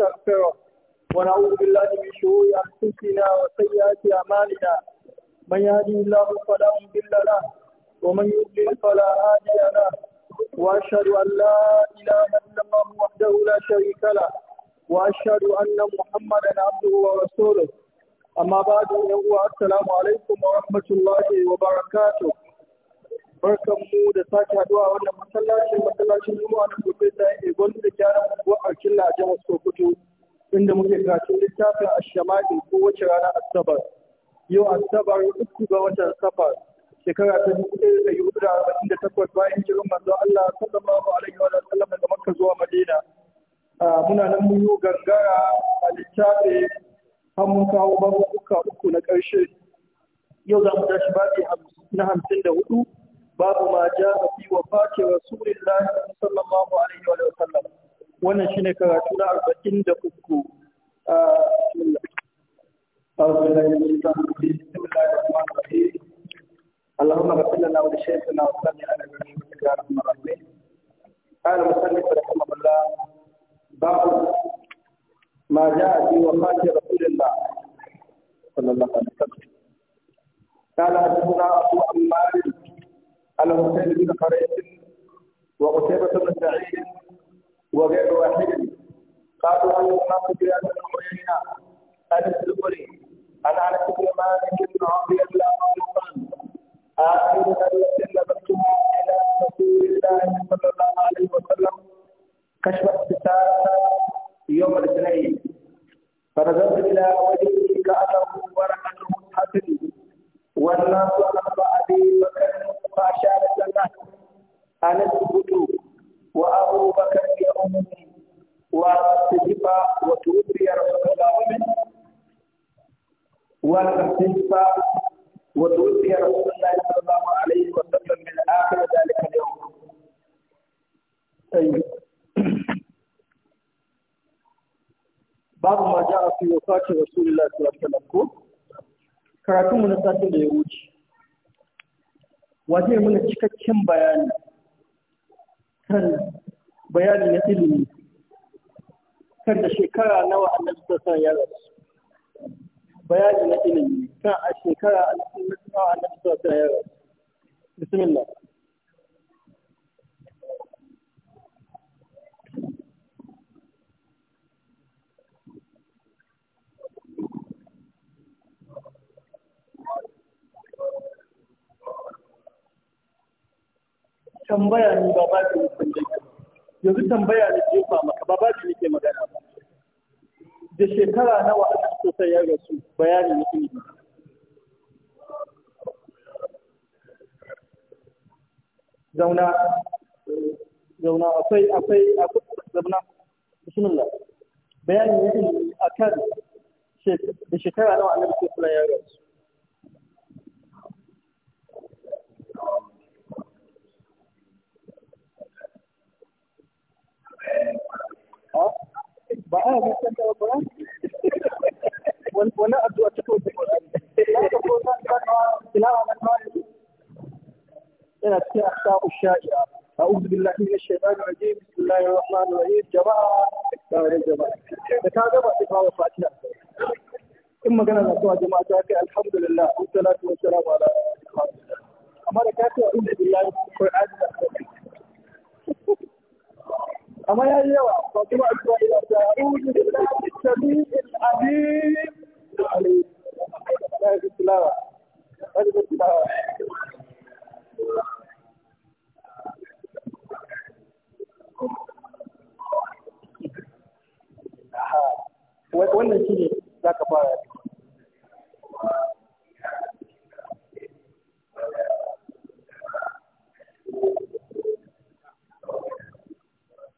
ونستغفره ونعوذ بالله من شرور أنفسنا وسيئات أعمالنا من يهدي الله فلا مضل له ومن يضلل فلا هادي له وأشهد أن لا إله إلا الله وحده لا شريك له وأشهد أن محمدا عبده ورسوله أما بعد السلام عليكم ورحمة الله وبركاته barkan mu da sake haduwa wannan masallacin masallacin juma'a na profesa egon da gyaran unguwa a killa a jihar sokoto inda muke karatun littafin a ashamaki ko wace rana asabar yau asabar uku ga watan safar shekara ta dubu ɗaya da yuɗu da arba'in da takwas bayan jirin manzo allah sallallahu alaihi wa sallam daga makka zuwa madina muna nan mun yi gangara a littafin har kawo babu uku na ƙarshe yau za mu tashi babi na hamsin da hudu babu ma ja'a fi wafati rasulillahi sallallahu alaihi wa sallam wannan shine karatu na 43 أعوذ بالله من الشيطان الرجيم بسم الله الرحمن الرحيم اللهم اغفر لنا ولشيخنا وسمعنا برحمتك يا ارحم الراحمين قال المصنف رحمه الله باب ما جاء في وفاة رسول الله صلى الله عليه وسلم قال حدثنا أبو عمار على حسين بن قريش وقتيبة بن سعيد وغير واحد قالوا عن الحق بأن عيينة عن الزبري على أنس ما مالك أن أعطي إلا مخلوقا آخر التي لبستها إلى رسول الله صلى الله عليه وسلم كشف الستار يوم الاثنين فنزلت إلى وجه karatunmu na satin da ya wuce wace muna cikakken bayani kan bayani na ilimi kan da shekara nawa annabi sassan ya rasu bayani na ilimi kan a shekara nawa annabi sassan ya rasu bismillah tambaya ne ba baji ne tambaye yanzu tambaya ne jefa maka ba baji ne ke magana ba. da shekara nawa aka sosai ya rasu bayani ne ilimi zauna zauna akwai akwai akwai zauna bismillah bayani ne ilimi akan da shekara nawa annabi sallallahu alaihi ya rasu ba a yi san da ba wani addu'a ta kawai da Qur'ani yana cikin asa'u sha'i'a أعوذ بالله من الشيطان الرجيم بسم الله الرحمن الرحيم جماعة دار جماعة فكذا ما تقرأ فاتحة ثم قال الله تعالى جماعة الحمد لله والصلاة والسلام على رسول الله أما لك أعوذ بالله من الشيطان الرجيم amma ya yi yawa ba kuma isra'ila ta rudu da tabi al'adim ya yi tilawa ya yi tilawa wannan shi ne za ka fara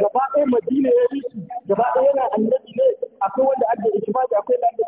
gaba ɗaya madina ya yi gaba ɗaya yana annabi ne akwai wanda ake ishmaji akwai wanda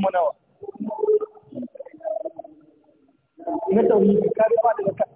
kuma nawa na tauhidi ka ba da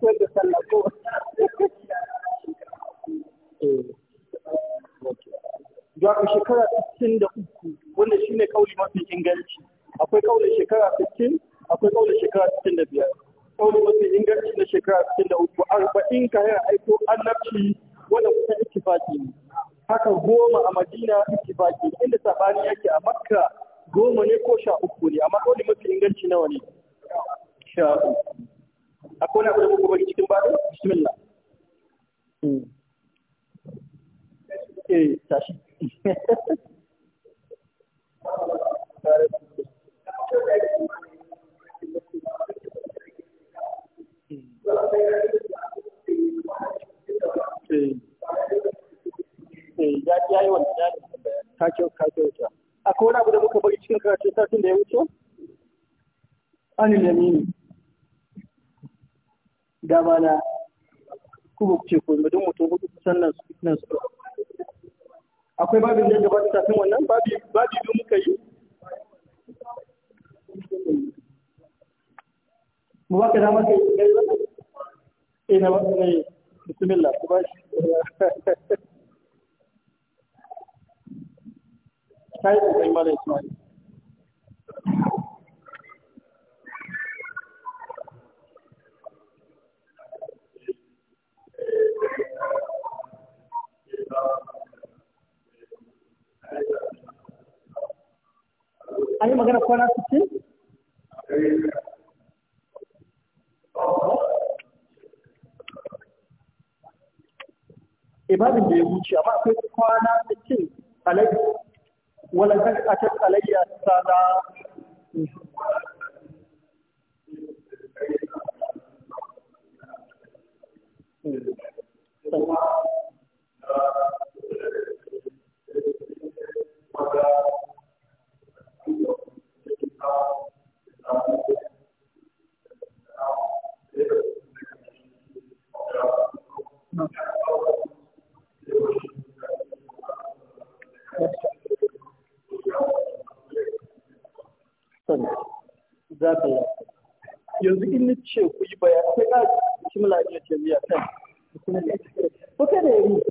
kai magana mala ismail an magana ibadin da ya wuce amma akwai kwana da ce alai wala zan can alayya sana Thank you. za yanzu in ce ku yi bayan sai ka bismillah ibn taymiya kan bismillah ko kada yi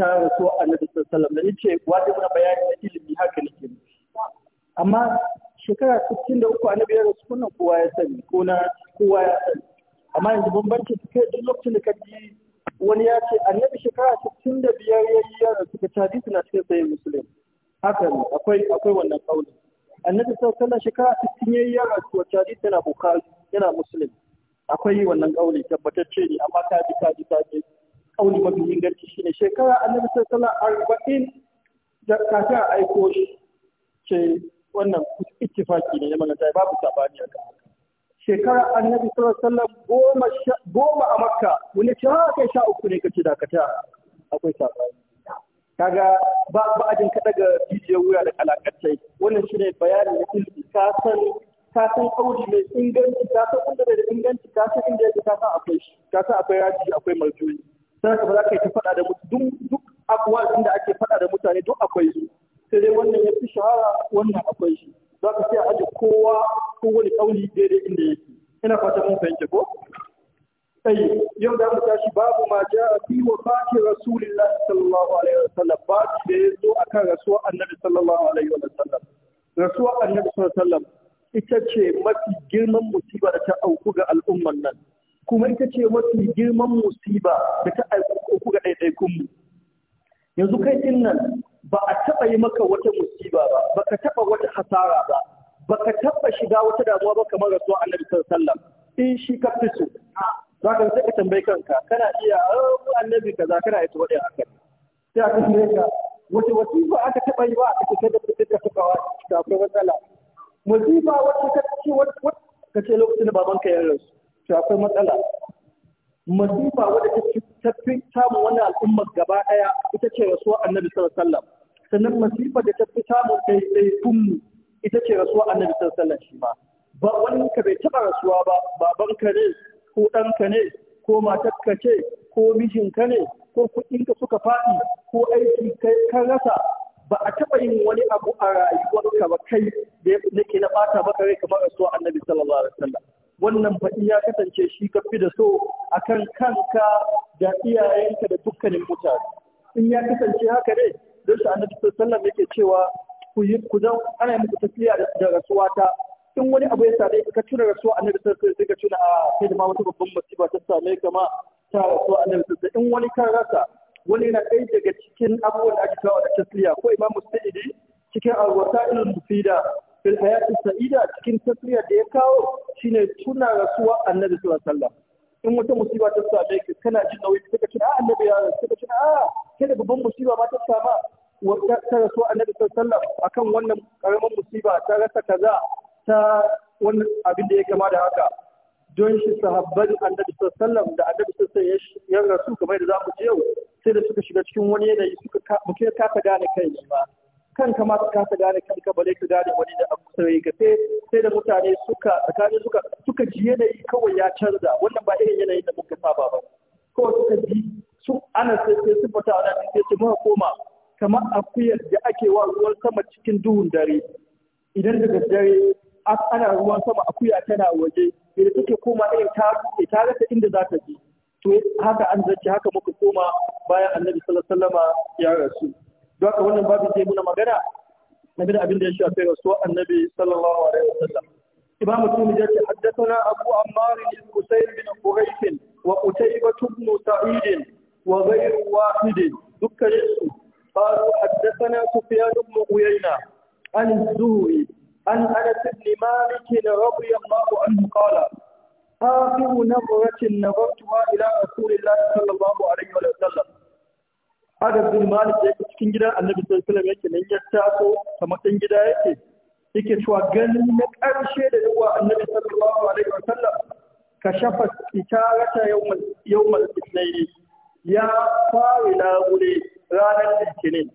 ta rasu annabi sallallahu alaihi wasallam da wajen bayani na ilimi haka nake amma shekara 63 annabi ya rasu kunan kowa ya sani ko na kowa ya sani amma yanzu bambanci kai duk lokacin da kaji wani ya ce annabi shekara 65 ya yi ya suka ka tabi suna cikin sayin musulun haka ne akwai akwai wannan A annabi sallallahu alaihi shekara 60 ya yi ya su, wa tabi suna bukari yana musulun akwai wannan kaulin tabbatacce ne amma ta ji ta ji ta ji kauli mafi inganci ne shekara annabi sallallahu arba'in da kafin a aiko shi ce wannan ittifaki ne na yi. babu sabani a kan shekara annabi sallallahu alaihi wasallam goma a makka wani ce ha kai sha uku ne kace dakata akwai sabani kaga ba ba ajin ka daga jijiyar wuya da kalakatai wannan shine bayani na ilmi ka san ka san kauri mai inganci ka san inda da inganci ka san inda ya ka san akwai shi ka san akwai raji akwai marjuyi sai ka ba za ka yi ta faɗa da mutum duk abuwa da ake faɗa da mutane duk akwai su sai dai wannan ya fi shahara wannan akwai shi za ka sai a aje kowa wani ƙauni daidai inda yake ina fata mun fahimta ko Sai yau da mu tashi babu ma ja fi fati rasulillahi sallallahu alaihi wa sallam ba shi da ya zo akan rasuwar annabi sallallahu alaihi wa sallam rasuwa annabi sallallahu alaihi wa sallam ita ce mafi girman musiba da ta auku ga al'umman nan kuma ita ce mafi girman musiba da ta aiko ga ɗaiɗaikunmu yanzu kai ɗin nan ba a taɓa yi maka wata musiba ba ba ka taɓa wata hasara ba ba ka taɓa shiga wata damuwa ba kamar rasuwa annabi sallam in shi ka fi so za ka sai ka tambayi kanka kana iya oh, annabi kaza kana iya a haka sai aka tambaye ka wace wasifa aka taɓa yi ba a kake kada ka taɓa taɓawa da akwai matsala musiba wata ka ce lokacin da babanka ya rasu to akwai matsala masifa wadda ta fi samun wannan al'ummar gaba ɗaya ita ce rasuwa annabi sallallahu alaihi wasallam sannan masifa da ta fi samun ɗaiɗaikun kunmu ita ce rasuwa annabi sallallahu alaihi shi ma ba wani ka bai taɓa rasuwa ba babanka ne ko ɗanka ne ko matarka ce ko mijinka ne ko kuɗinka suka faɗi ko aiki kai kan rasa ba a taɓa yin wani abu a rayuwarka ba kai da nake na ɓata maka rai kamar rasuwa annabi sallallahu alaihi wasallam wannan faɗi ya kasance shi ka fi da so akan kanka da iyayenka da dukkanin mutane in ya kasance haka ne don shi annabi sallallahu yake cewa ku yi ku zan ana muku tafiya da rasuwa ta in wani abu ya same ka tuna rasuwa annabi sallallahu alaihi wasallam sai ka tuna a ah, kai da ma wata babban musiba ta same ka ma ta rasuwa annabi sallallahu in wani kan rasa wani na ɗaya daga cikin abubuwan da ake kawo da tasliya ko imam musaidi cikin alwasa ilin mufida fil hayati sa'ida cikin tasriyar da ya kawo shine tuna rasuwa annabi sallallahu alaihi wasallam in wata musiba ta same ka kana jin nauyi kika ce a ah, annabi ya kika ce a ah, da babban musiba ma ta sama wata ta rasuwa annabi sallallahu alaihi wasallam akan wannan karaman musiba ta rasa kaza ta wannan abin da ya kama da haka don shi sahabban annabi sallallahu da annabi sallallahu ya rasu kamar da za mu ji yau sai da suka shiga cikin wani yanayi suka muke kafa gane kai ma kan ma ka kasa gane kanka bale ka gane wani da abu sai ka sai sai da mutane suka tsakani suka suka ji yanayi kawai ya canza wannan ba irin yanayin da muka saba ba kawai suka ji su ana sai sai su fita ana sai su muka koma kamar akuyar da ake wa ruwan sama cikin duhun dare idan daga dare ana ruwan sama akuya tana waje idan take koma irin ta ta rasa inda za ta je to haka an zace haka muka koma bayan annabi sallallahu alaihi wasallama ya rasu a haka wannan babu zai muna magana game da abin da ya shafi rasuwar annabi sallallahu alaihi wasallam imam tumi ya ce haddathana abu ammar bin husayn bin quraysh wa qutaybah ibn sa'id wa ghayr wahid dukkan su قالوا حدثنا سفيان بن عيينة عن الزهري عن أنس بن مالك رضي الله عنه آخر نظرة نظرتها إلى رسول الله صلى الله عليه وسلم Anas bin Malik yake cikin gidan Annabi sallallahu alaihi wasallam yake nan ya taso kamar dan gida yake yake cewa ganin na ƙarshe da yawa Annabi sallallahu alaihi wasallam ka shafa itarata yawmal yawmal ithnain ya fara lagure ranar litinin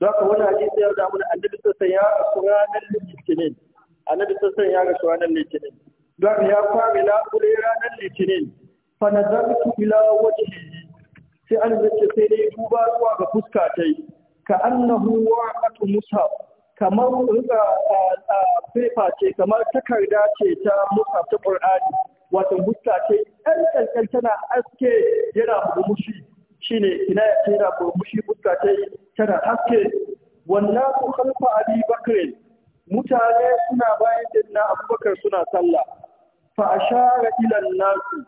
za ka wani hadisi ya da mana annabi sassan ya rasu ranar litinin annabi sassan ya rasu ranar litinin za ka ya fara lagure ranar litinin fa nazartu ila wajhihi sai an zace sai dai duba zuwa ga fuska ta yi ka annahu a mushaf kamar rika fefa ce kamar takarda ce ta mushaf ta qur'ani wato fuska ce ɗan kankan tana aske yana burmushi shine ina ya ce yana burmushi fuska ta tana haske wannan ku kalfa abi bakr mutane suna bayan dinna abubakar suna sallah fa ashara ila nasu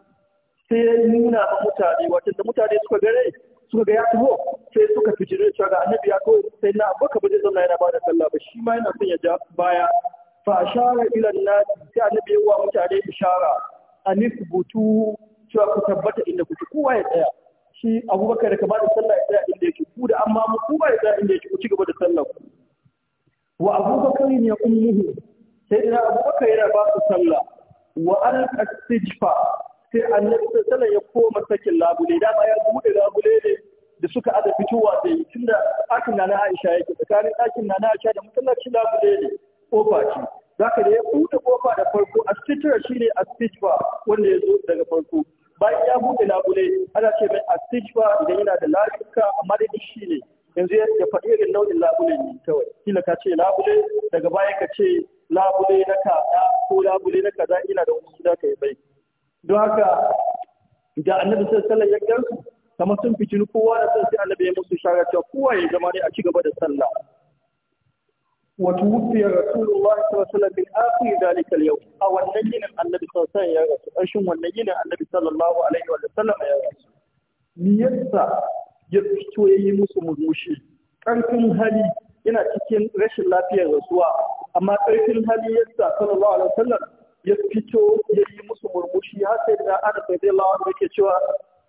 sai ya nuna ma mutane wato da mutane suka gare suka ga ya taho sai suka fitire cewa ga annabi ya kawai sai na abuka ba zai zauna yana da sallah ba shi ma yana son ya ja baya fa ashara ila nas sai annabi ya wa mutane ishara butu cewa ku tabbata inda kuke kowa ya tsaya shi abubakar da kamar da sallah ya tsaya inda yake ku da amma mu kowa ya tsaya inda yake ku ci gaba da sallah ku wa abubakar ne ummuhu sai da abubakar yana ba su sallah wa alqa sijfa sai annabi sallallahu ya koma sakin labule da ya bude labule ne da suka ada fitowa da yi tunda akin na Aisha yake tsakanin ɗakin na Aisha da masallaci labule ne kofa ce zaka da ya bude kofa da farko a sitira shine a sitira wanda ya zo daga farko bayan ya bude labule ana ce mai a sitira idan yana da lafiya amma dai shi ne yanzu ya faɗi irin nau'in labule ne kawai kila ka ce labule daga baya ka ce labule na kaza ko labule na kaza ina da wasu da ka yi bai don haka da annabi sallallahu ya gansu kamar sun fi fitinu kowa da sun sai annabi ya musu shara cewa kowa ya zama ne a ci gaba da sallah wa tuwfiya rasulullahi sallallahu alaihi wasallam bi akhir dalika al-yawm a wannan yinin annabi sallallahu alaihi wasallam ya rasu ƙarshen wannan yinin annabi sallallahu alaihi wasallam ya rasu niyyarsa ya fito ya yi musu murmushi ƙarfin hali yana cikin rashin lafiyar rasuwa amma ƙarfin hali yasa sallallahu alaihi wasallam ya fito ya yi musu murmushi har sai da ana sai dai lawan da yake cewa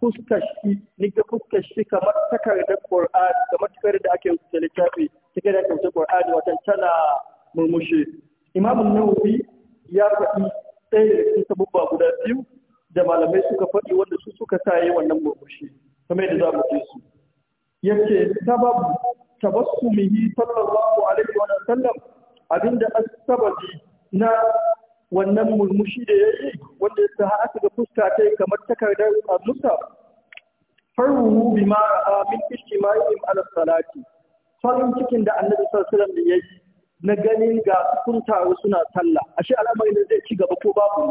fuskar shi ni ga fuskar shi kamar takardar Qur'ani kamar takardar da ake rubuta littafi take da rubuta Qur'ani watan tana murmushi Imam Nawawi ya faɗi ɗaya da cikin sabubba guda biyu da malamai suka faɗi wanda su suka sa yi wannan murmushi kamar yadda za mu je su yace sababu tabassumihi sallallahu alaihi wa sallam abinda asbabi na wannan murmushi da ya yi wanda ya sa haka ga fuska ta yi kamar takardar musa faruhu bi ma min ala salati farin cikin da annabi sallallahu alaihi wasallam ya yi na gani ga sun taru suna sallah ashe alamar ne zai ci gaba ko babu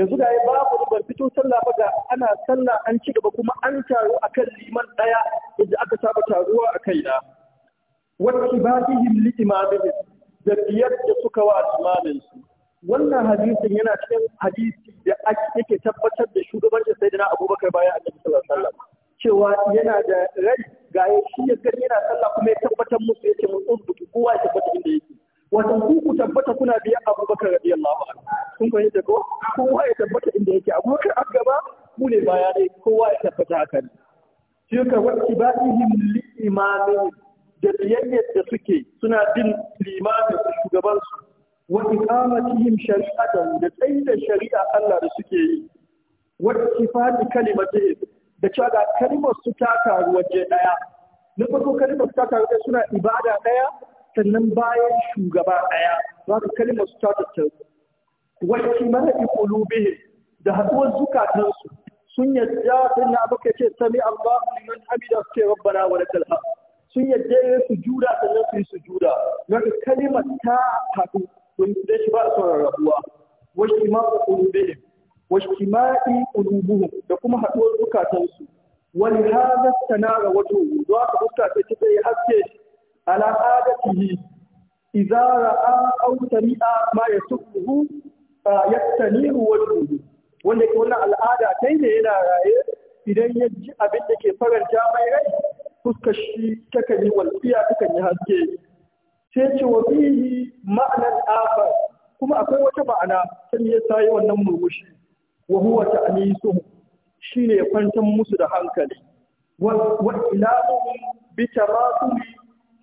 yanzu ga babu ban fito sallah ba ga ana sallah an ci gaba kuma an taru akan liman daya yadda aka saba taruwa a kaina wa ibadihim li imamihim da biyar da suka wa limaminsu wannan hadisin yana cikin hadisi da ake tabbatar da shugabancin na abubakar bayan annabi sallallahu alaihi wasallam cewa yana da rai ga shi ya gani yana sallah kuma ya tabbatar musu ya ce mun tsubutu kowa ya tabbata inda yake wato ku ku tabbata kuna biyan abubakar radiyallahu anhu kun fahimta ko kowa ya tabbata inda yake abubakar a gaba ku ne baya ne kowa ya tabbata haka ne shi ka wacce ba ihim li imamin da biyayyar da suke suna bin limamin shugabansu wa iqamatihim shari'atan da tsaida shari'a Allah da suke yi wa ittifaqi kalimatihi da cewa ga kalmar su ta taru waje daya na farko kalmar su ta taru da suna ibada daya sannan bayan shugaba daya za ka kalmar su ta tattaru wa ittimaqi qulubihim da haduwar zukatansu sun yadda sun na abu ce sami Allah liman hamida su ce rabbana wa lakal hamd sun yadda ya sujuda sannan su yi sujuda don kalmar ta haɗu kun da shi ba su rarrabuwa wa shima'u qulubihim wa shima'i da kuma haɗuwar bukatansu wa li hadha tanara wajhu do aka fuska ta take yi haske ala adatihi idza ra'a aw sami'a ma yasuhu yaktaniru wajhu wanda ke wannan al'ada ta ne yana raye idan ya ji abin da ke faranta mai rai fuskar shi takan yi walfiya takan yi haske sai ce wa fihi ma'anar afar kuma akwai wata ma'ana ta ya sayi wannan murmushi wa huwa ta'nisu shine kwantan kwantar musu da hankali wa ilahuhum bi tamasuli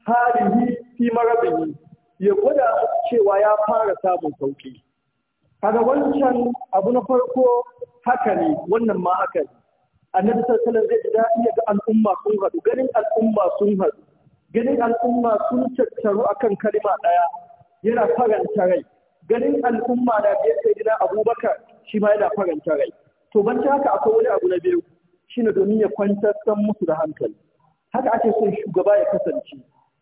halihi fi marabini ya gwada cewa ya fara samun sauki kaga wancan abu na farko haka ne wannan ma haka ne annabi sallallahu alaihi wasallam zai ga al'umma sun haɗu ganin al'umma sun haɗu ganin al'umma sun tattaru akan kalima ɗaya yana faranta rai ganin al'umma na biyar sai gina abubakar shi ma yana faranta rai to ban ta haka akwai wani abu na biyu shine domin ya kwantar san musu da hankali haka ake son shugaba ya kasance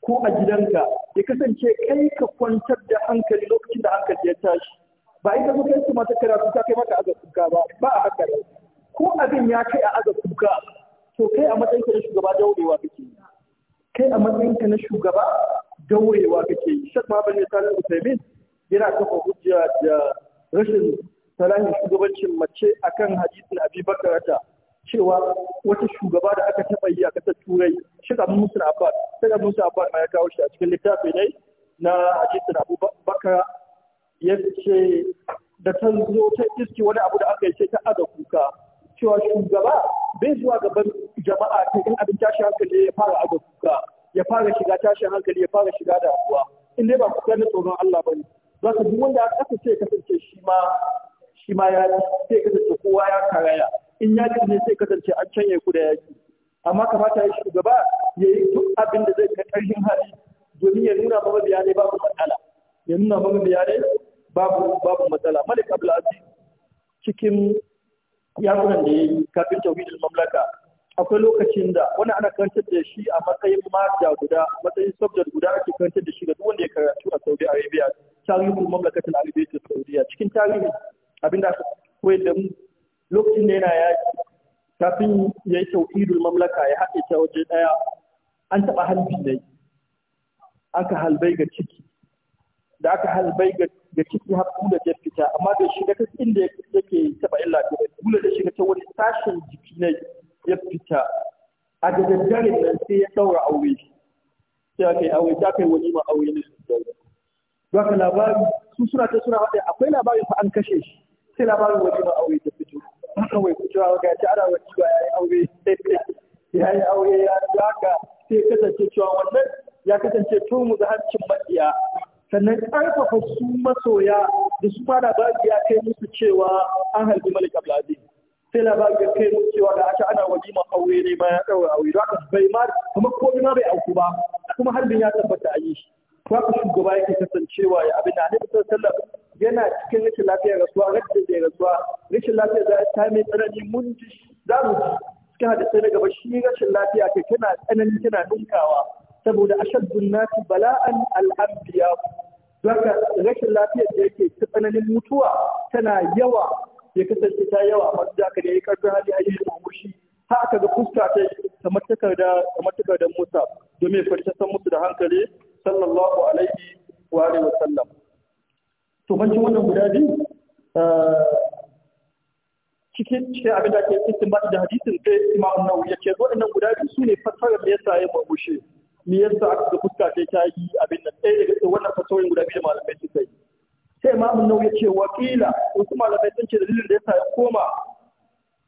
ko a gidanka ya kasance kai ka kwantar da hankali lokacin da hankali ya tashi ba ita zo kai mata ta karatu ta kai maka aza kuka ba ba a haka ko abin ya kai a aza kuka to kai a matsayin ka na shugaba daurewa ba. kai a matsayinka na shugaba dawowa kake yi shak ma bane da usaimin yana kafa hujja da rashin salahin shugabancin mace akan hadisin abubakar ta cewa wata shugaba da aka taba yi a ƙasar turai shak musu musul abbas shak musu musul ma ya kawo shi a cikin littafi ne na hadisin abu bakara ya da ta zo ta iske wani abu da aka yi sai ta aga kuka cewa shugaba bai zuwa gaban jama'a ta in abin tashi hankali ya fara aga kuka ya fara shiga tashin hankali ya fara shiga damuwa in dai ba kuka na tsoron Allah bane za ka duk wanda aka ce kasance shi ma shi ma ya kasance kowa ya karaya in ya ne sai kasance an canye ku da yaki amma kamata ya shugaba ya yi duk abin da zai ka ƙarfin hali domin ya nuna ba bayanai babu matsala ya nuna ba bayanai babu babu matsala malik abdulaziz cikin yakunan da ya yi kafin tauhidul mamlaka akwai lokacin da wani ana karantar da shi a matsayin mata guda matsayin subject guda ake karantar da shi ga duk wanda ya karatu a Saudi Arabia tarihin mamlakatul Arabiyyah Saudiya cikin tarihi abinda aka koyar da mu lokacin da yana yaki kafin ya yi tauhidul mamlaka ya haɗe ta waje ɗaya an taɓa halbi ne aka halbai ga ciki da aka halbai ga da ciki har kula da fita amma da shiga ta inda yake taba illa ta kula da shiga ta wani sashen jiki ne ya fita a da daddare nan sai ya daura aure sai aka yi aure ta kai wani ma aure ne su daura don ka labari su suna ta suna haɗe akwai labarin fa an kashe shi sai labarin wani ma aure ta fito haka wai fitowa ga ta ana wani ba ya yi aure ya yi aure ya haka sai kasance cewa wannan ya kasance tumu da hancin maɗiya sannan ƙarfafa su masoya da su ma labari ya kai musu cewa an halbi malik abladi sai labari ya kai musu cewa da aka ana walima aure ne ma ya ɗaura aure Da aka bai ma kuma komai ma bai auku ba kuma harbin ya tabbata a yi shi to aka shugaba yake kasancewa ya abin da annabi sallallahu yana cikin rashin lafiyar rasuwa rashin da rasuwa rashin lafiyar da ta mai tsanani mun ji za mu ji cikin hadisai na gaba shi rashin lafiya kai tana tsanani tana ninkawa saboda a ashaddun nasi bala'an al'abdiya zaka rashin lafiyar da yake ta tsananin mutuwa tana yawa ya kasance ta yawa amma da aka ne karfin hali a ayi da mushi har aka ga fuska ta kamar takarda kamar takardar Musa domin ya san musu da hankali sallallahu alaihi wa alihi wa sallam to bancin wannan guda biyu eh, cikin cikin abin da ke cikin da hadisin sai Imam Nawawi ya ce waɗannan guda biyu su ne fassarar da yasa ya murmushe me yasa aka ga fuska sai ta yi abin nan ɗaya daga wannan fasoyin guda biyu da malamai suka yi sai ma mun ya ce wakila wasu malamai sun ce dalilin da yasa ya koma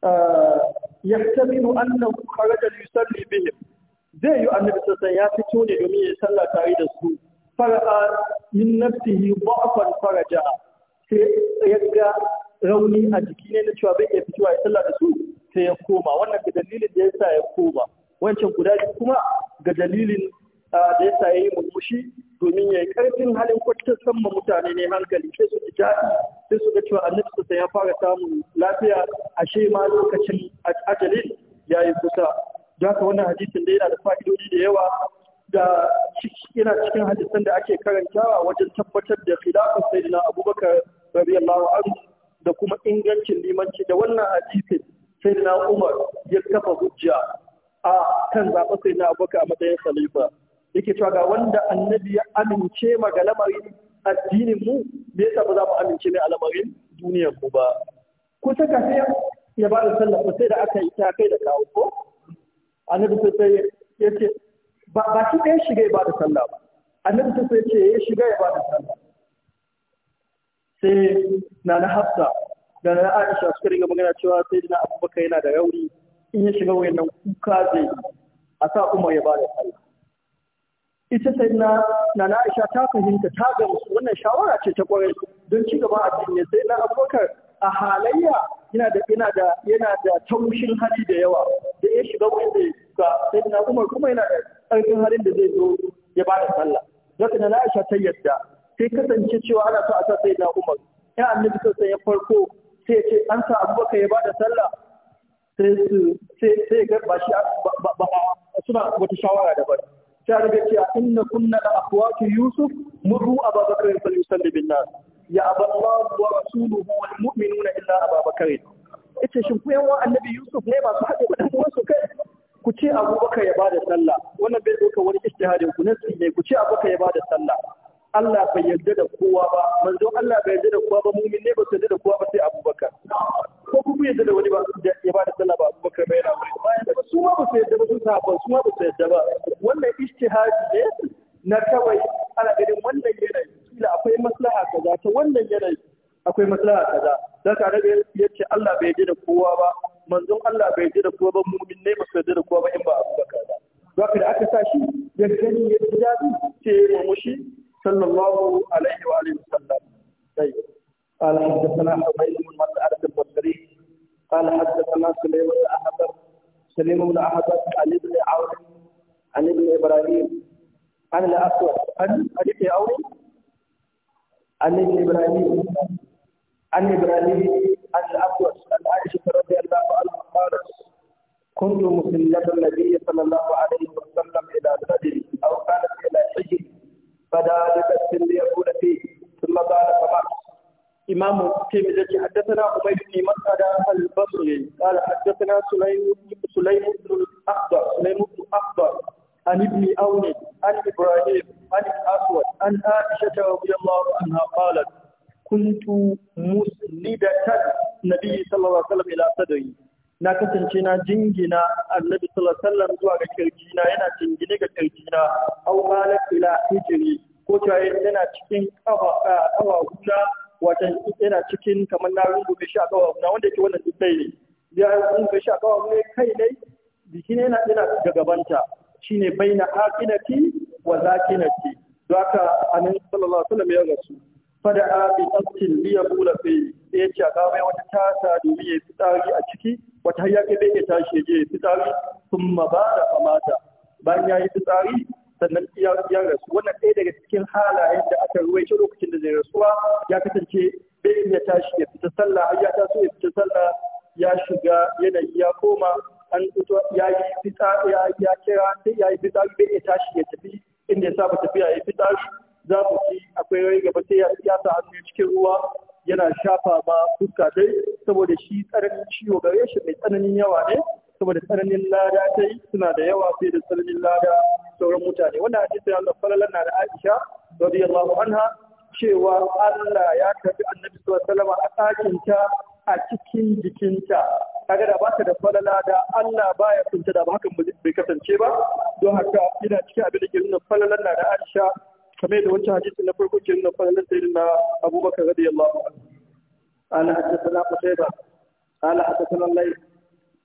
ah, yahtamilu annahu kharaja li yusalli bihim zai yi annabi sassan ya fito ne domin ya sallah tare da su fara'a min nafsihi ba'fan faraja sai ya ga rauni a jiki ne na cewa bai iya fitowa ya sallah da su sai ya koma wannan ga dalilin da yasa ya koma wancan guda kuma ga dalilin da ya yi murmushi domin ya yi karfin halin kwatar saman mutane ne hankali sai su jaɗi sai su ga cewa annabi ya fara samun lafiya ashe ma lokacin ajalin ya yi kusa da haka wannan hadisin da yana da fa'idodi da yawa da yana cikin hadisan da ake karantawa wajen tabbatar da khilafin sayyidina abubakar radiyallahu anhu da kuma ingancin limanci da wannan hadisin sayyidina umar ya kafa hujja a kan zaɓa sai na abubakar a matsayin khalifa yake cewa ga wanda annabi ya amince ma ga lamarin addinin mu me yasa ba za mu amince mai a lamarin duniyar ku ba ko ta kafi ya ba da sallah ko sai da aka yi ta kai da kawo ko annabi sai ya ce ba ba shi ɗaya shiga ya ba da sallah ba annabi sai ya ce ya shiga ya ba da sallah sai na na hafsa da na aisha suka ringa magana cewa sai da abubakar yana da rauni in ya shiga wayannan kuka zai a sa Umar ya bada sallah ita sai na na Aisha ta fahimta ta ga wannan shawara ce ta kwarai don ci gaba a cikin sai na abokan, a halayya yana da yana da yana da taushin hali da yawa da ya shiga wanda ga sai na Umar kuma yana da ƙarfin halin da zai zo ya bada sallah zaka na Aisha ta yadda sai kasance cewa ana so a sa sai na Umar ya annabi sai ya farko sai ya ce an sa Abubakar ya bada sallah sai su sai ga ba shi ba suna wata shawara daban ta daga cewa inna kunna da akhwatu yusuf murru ababakar fa yusalli bin nas ya aballahu wa rasuluhu wal mu'minuna illa ababakar ita shin ku yan annabi yusuf ne masu haɗe ba dan uwansu kai ku ce abubakar ya bada sallah wannan bai doka wani ijtihadin ku nasi ne ku ce abubakar ya bada sallah Allah bai yarda da kowa ba manzo Allah bai yarda da kowa ba mumin ne ba su yarda da kowa ba sai Abubakar ko ku yarda da wani ba da ya ba da sallah ba abubakar bai ramu bayan da su ma ba su yadda ba sun sahabban su ma ba su yadda ba wannan ijtihadi ne na kawai ana ganin wannan yanayi kila akwai maslaha kaza ta wannan yanayi akwai maslaha kaza da ka rabe yace Allah bai ji da kowa ba manzon Allah bai ji da kowa ba mu'min ne ba su yadda da kowa ba in ba abubakar ba zaka da aka sa shi ya gani ya ji dadi ce mamushi sallallahu alaihi wa alihi wasallam sai alhamdulillah, حدثنا حبيب بن مسعد قال حدثنا سليم بن احمد سليم بن احمد عن ابن عون عن ابن إبراهيم عن الأسود عن ابن عون عن ابن إبراهيم عن إبراهيم عن الأسود عن عائشة رضي الله عنها قالت كنت مسلمه النبي صلى الله عليه وسلم إلى بدر أو قالت إلى حجر فدعا السن ليكون فيه ثم قال فمات إمام الترمذي حدثنا عبيد بن مسعد البصري قال حدثنا سليم سليم بن الأخضر سليم بن الأخضر عن ابن أون عن إبراهيم عن الأسود عن عائشة رضي الله عنها قالت كنت مسندة النبي صلى الله عليه وسلم إلى صدري na kasance na jingina annabi sallallahu alaihi wasallam zuwa ga kirjina yana jingine ga kirjina au qala ila hijri ko ta yana cikin kafa kafa guda watan yana cikin kamar na rungume sha a kawo na wanda yake wannan duk ne ya rungume sha a kawo ne kai ne jiki ne yana yana ga gabanta shine baina haqinati wa zakinati don haka annabi sallallahu alaihi wasallam ya rasu fada abi tafsil liya bula fi ya ce ga mai wata tasa domin ya fitari a ciki wata hayya ke bai tashi ya je ya fitari kuma ba da kamata bayan ya yi fitari sannan ya rasu wannan ɗaya daga cikin halayen da aka ruwaice lokacin da zai rasuwa ya kasance bai iya tashi ya fita sallah ya taso ya fita sallah ya shiga yanayi ya koma an fito ya yi fita ya kira sai ya yi fita bai iya tashi ya tafi inda ya saba tafiya ya fita za mu ci akwai rai gaba sai ya sa hannu cikin ruwa yana shafa ma fuska dai saboda shi tsananin ciwo gare shi mai tsananin yawa ne saboda tsananin lada ta yi suna da yawa fiye da tsananin lada sauran mutane wannan hadisi ya Allah falalan na da Aisha radiyallahu anha cewa Allah ya tafi annabi sallallahu alaihi wasallam a ɗakin ta a cikin jikinta kaga da baka da falala da Allah baya kunta da hakan bai kasance ba don haka ina cikin abin da ke nuna falalan na da Aisha kamar da wancan hadisi na farko ke nuna falalan na Abubakar radiyallahu anhu قال حدثنا قتيبة قال حدثنا الليث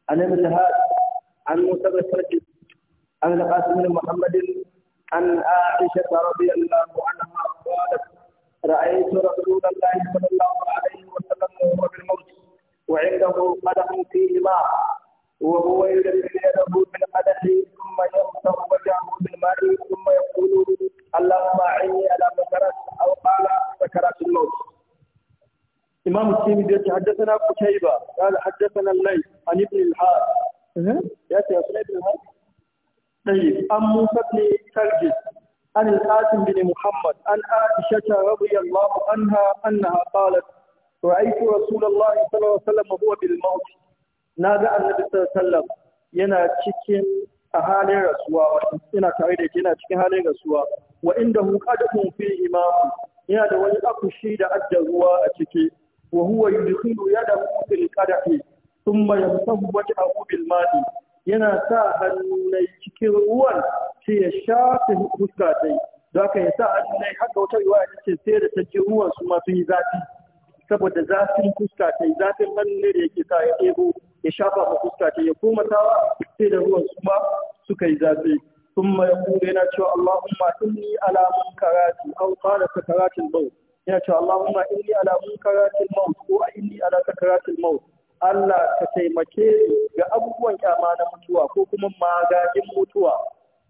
عن المتهاد عن موسى بن فرج عن القاسم بن محمد عن عائشة رضي الله عنها قالت رأيت رسول الله صلى الله عليه وسلم وهو بالموت وعنده قدح فيه ماء وهو يدخل يده من قدحه ثم يمسح وجهه بالماء ثم يقول اللهم أعني على ما إمام التيمي يأتي حدثنا قتيبة قال حدثنا الليل عن ابن الحار يأتي أسنى ابن الحار طيب أم موسى بن ترجس عن القاسم بن محمد عن عائشة رضي الله عنها أنها قالت رأيت رسول الله صلى الله عليه وسلم وهو بالموت نادى النبي صلى الله عليه وسلم ينا تشكين a halin rasuwa ina tare da yana cikin halin rasuwa wa inda hu qadafun fi imamu yana da wani akushi da adda ruwa a ciki wa huwa yudkhilu yadahu fil qadahi thumma yamsahu wajhahu bil ma'i yana sa hannai cikin ruwan sai ya shafe fuska tai don haka ya sa hannai haka wata riwaya ce sai da ta ji ruwan su ma yi zafi saboda zafin fuska zafin hannun da yake sa ya ɗebo ya shafa ma fuska ya koma tawa sai da ruwan su ma suka yi zafi ثم يقول لنا شاء اللهم إني على منكرات أو قال سكرات الموت ya ce Allahumma inni ala munkaratil maut ko inni ala sakaratil maut Allah ka taimake ga abubuwan kyama na mutuwa ko kuma magagin mutuwa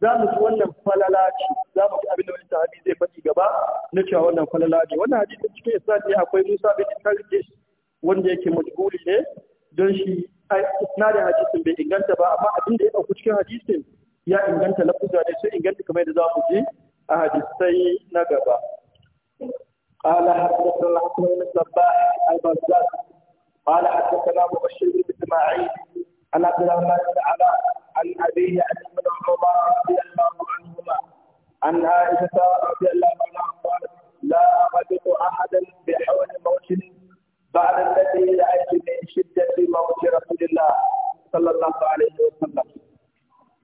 za mu ji wannan falalaci za mu ji abin da wani hadisi zai faɗi gaba na cewa wannan falalaci wannan hadisi cikin isnad akwai Musa bin Tarjish wanda yake majhuli ne don shi isnadin hadisin bai inganta ba amma abin da ya ɗauku cikin hadisin ya inganta lafuza ne sai inganta kamar yadda za mu ji a hadisai na gaba قال حدثنا العقل بن الصباح البزاز قال حدثنا مبشر بن اسماعيل عن عبد الرحمن بن عن ابيه عن ابن عمر رضي الله عنهما عن عائشه رضي الله عنها قالت لا اغلب احدا بحول موت بعد الذي رايت من شده موت رسول الله صلى الله عليه وسلم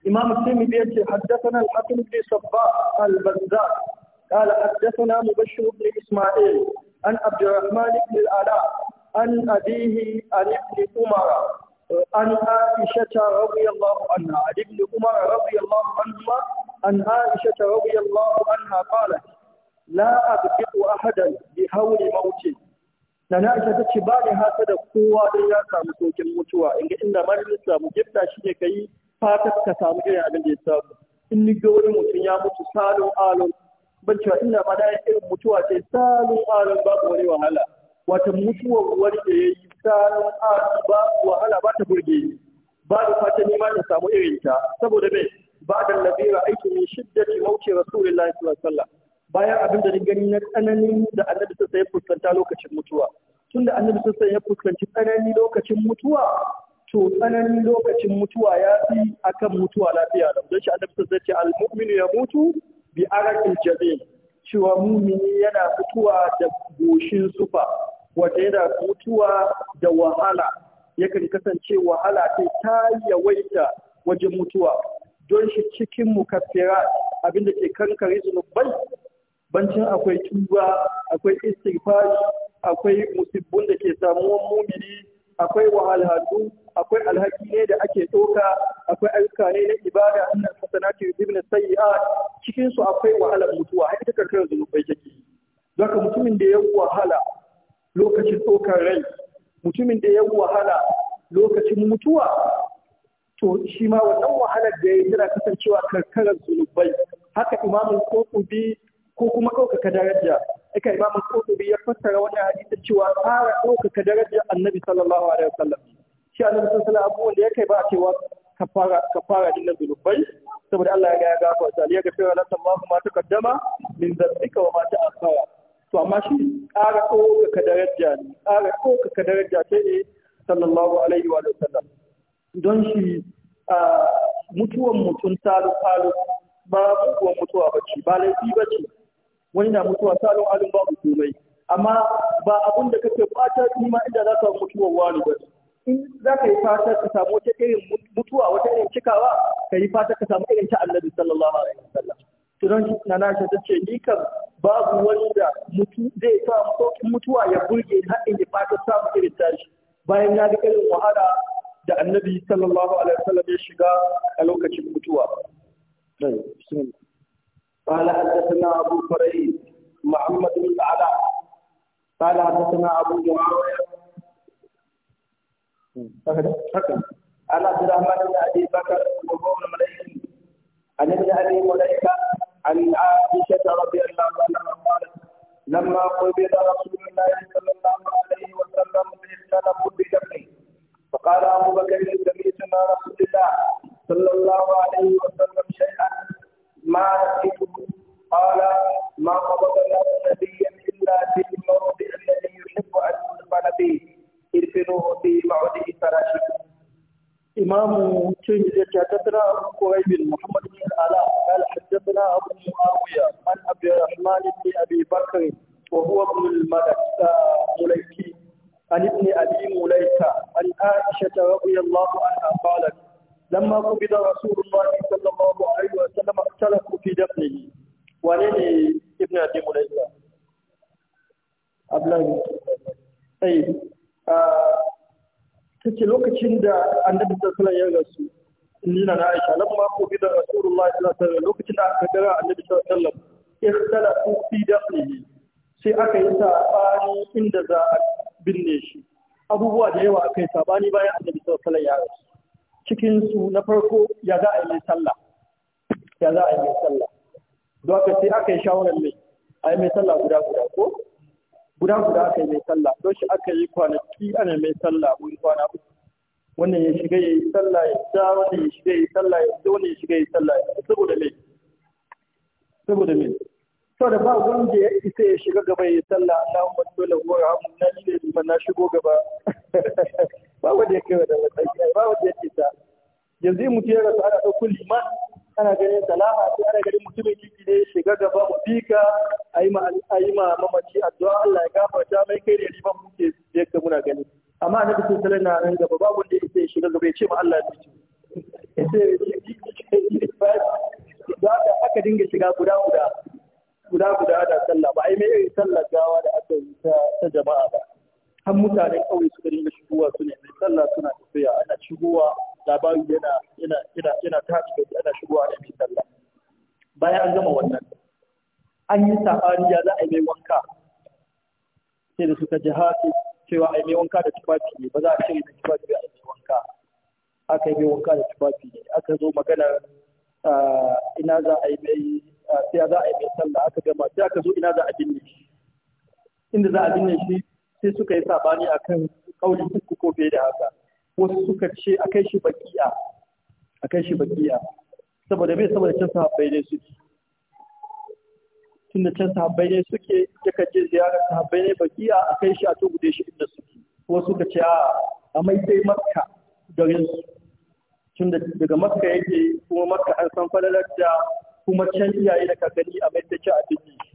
امام بيت حدثنا الحكم بن صباح البزاز قال حدثنا مبشر بن إسماعيل عن عبد الرحمن بن العلاء عن أبيه عن ابن عمر عن عائشة رضي الله عنها عن ابن عمر رضي الله عنهما عن عائشة رضي الله عنها قالت لا أبدئ أحدا بهول موتي Nana Aisha ta ce bani ni haka da kowa da ya samu sokin mutuwa in ga inda marin samu gifta shi ne ka yi fatar ka samu irin abin da ya samu in ni ga wani mutum ya mutu salon alon ban cewa ina ma da irin mutuwa ce salon ba babu wani wahala wata mutuwar wani da ya yi salon aran ba wahala ba ta burge ni ba da fata nema ta samu irin ta saboda me ba da nabira aiki min shiddati mauce rasulullahi sallallahu alaihi wasallam bayan abin da gani na tsananin da annabi sai ya fuskanta lokacin mutuwa tunda annabi sai ya fuskanci tsanani lokacin mutuwa to tsananin lokacin mutuwa ya fi akan mutuwa lafiya da don shi annabi sai ce al-mu'minu ya mutu bi arakin jabe cewa mumini yana fituwa da goshin sufa wata yana fituwa da wahala yakan kasance wahala sai ta yawaita wajen mutuwa don shi cikin mukaffira abinda ke kankare su bai bancin akwai tuba akwai istighfar akwai musibbun da ke samuwan mumini akwai wahalhalu akwai alhaki ne da ake ɗauka akwai ayyuka ne na ibada inna hasanatu yudhibna sayyi'at cikin su akwai wahalar mutuwa ita karkar zunubai take zaka mutumin da ya wahala lokacin ɗaukar rai mutumin da ya wahala lokacin mutuwa to shi ma wannan wahalar da ya tana kasancewa karkarar zunubai haka imamin kokubi ko kuma ɗaukaka daraja aka imamin kokubi ya fassara wannan hadisi cewa ƙara ɗaukaka daraja annabi sallallahu alaihi wasallam shi annabi sun sana abubuwan da ya kai ba a cewa fara din nan zunubai saboda Allah ya ga ya gafarta ya ga fiye da ta mafi ta kaddama min zambika wa mata ta akhara to amma shi ƙara ɗaukaka ka daraja ne ƙara ɗaukaka ka daraja ta ne sallallahu alaihi wa sallam don shi mutuwan mutum salu salu ba mutuwan mutuwa bace ba laifi ce wani na mutuwa salu alun ba komai amma ba abun da kake fata ni ma inda za ka mutuwa wani bace in za ka yi fata ka samu wata irin mutuwa wata irin cikawa ka yi fata ka samu irin ta annabi sallallahu alaihi wasallam to don na na ta ce ni kan babu wanda mutu zai sa sauƙin mutuwa ya burge har in yi fata samu irin tashi bayan ya ga irin wahala da annabi sallallahu alaihi wasallam ya shiga a lokacin mutuwa قال حدثنا أبو فريد محمد بن العلاء قال حدثنا أبو معاوية haka ana abdurrahman ibn abi bakr ibn malaiki an ibn abi malaika an aisha radhiyallahu anha qalat lamma qubida rasulullah sallallahu alaihi wasallam min al-talab bi dami فقال أبو بكر سمعت مع رسول الله صلى الله عليه وسلم شيئا ما نسيته قال ما قبض الله نبيا إلا في الموضع الذي يحب أن يدخل فيه nuhu fi ma'udi farashi imamu tirmidhi ya tattara abu quraib bin muhammad bin ala qal haddathana abu muawiya an abi rahman bin abi bakr wa huwa ibn al-malak mulaiki an ibn abi mulaika an لما قبض رسول الله صلى الله عليه وسلم اختلفوا في دفنه ابن ta ce lokacin da an annabi sallallahu ya rasu nina na aisha nan ma ko bi da rasulullahi sallallahu alaihi lokacin da aka gara annabi sallallahu alaihi wasallam ikhtalafu fi dafnihi sai aka yi sabani inda za a binne shi abubuwa da yawa aka yi sabani bayan annabi sallallahu alaihi ya rasu cikin su na farko ya za a yi mai sallah ya za a yi mai sallah don haka sai aka yi shawarar mai a yi mai sallah guda guda ko guda guda aka yi mai sallah don shi aka yi kwanaki ana mai sallah wani kwana uku wannan ya shiga ya yi sallah ya sha wannan ya shiga ya yi sallah ya sha wannan ya shiga ya yi sallah ya saboda me saboda me saboda ba wanda ya isa ya shiga gaba ya yi sallah Allahumma salli wa hamu na ni ne liman na shigo gaba ba wanda ya kai wa da matsayi ba wanda ya ce ta yanzu mutum ya rasu ana ɗaukar liman ana ganin salaha sai ana ganin mutumin kirki ne shiga gaba mu bika a yi ma mamaci addu'a Allah ya gafarta mai kai ne liman muke yadda muna gani amma annabi sun salar na nan gaba babu wanda ya shiga gaba ya ce ma Allah ya ce da aka dinga shiga guda guda guda guda da sallah ba ai mai irin sallah gawa da aka yi ta jama'a ba har mutanen kauye suka dinga shigowa su ne sallah suna tafiya ana shigowa labari yana yana yana yana tashi da ana shigowa da mai sallah bayan an gama wannan an yi sabani ya za a yi mai wanka sai da suka ji hafi cewa a yi mai wanka da tufafi ne ba za a shirya da tufafi a yi mai wanka aka yi mai wanka da tufafi ne aka zo magana ina za a yi mai sai za a yi mai sallah aka gama sai aka zo ina za a binne shi inda za a binne shi sai suka yi sabani akan kauli uku ko da haka wasu suka ce a kai shi bakiya a kai shi bakiya saboda bai saboda can sahabbai ne suke tunda can sahabbai ne suke yaka je ziyarar sahabbai ne bakiya a kai shi a gude shi inda suke wasu suka ce a mai sai makka garin su tun daga makka yake kuma makka an san falalar da kuma can iyaye da kakanni a mai ta ci abin ne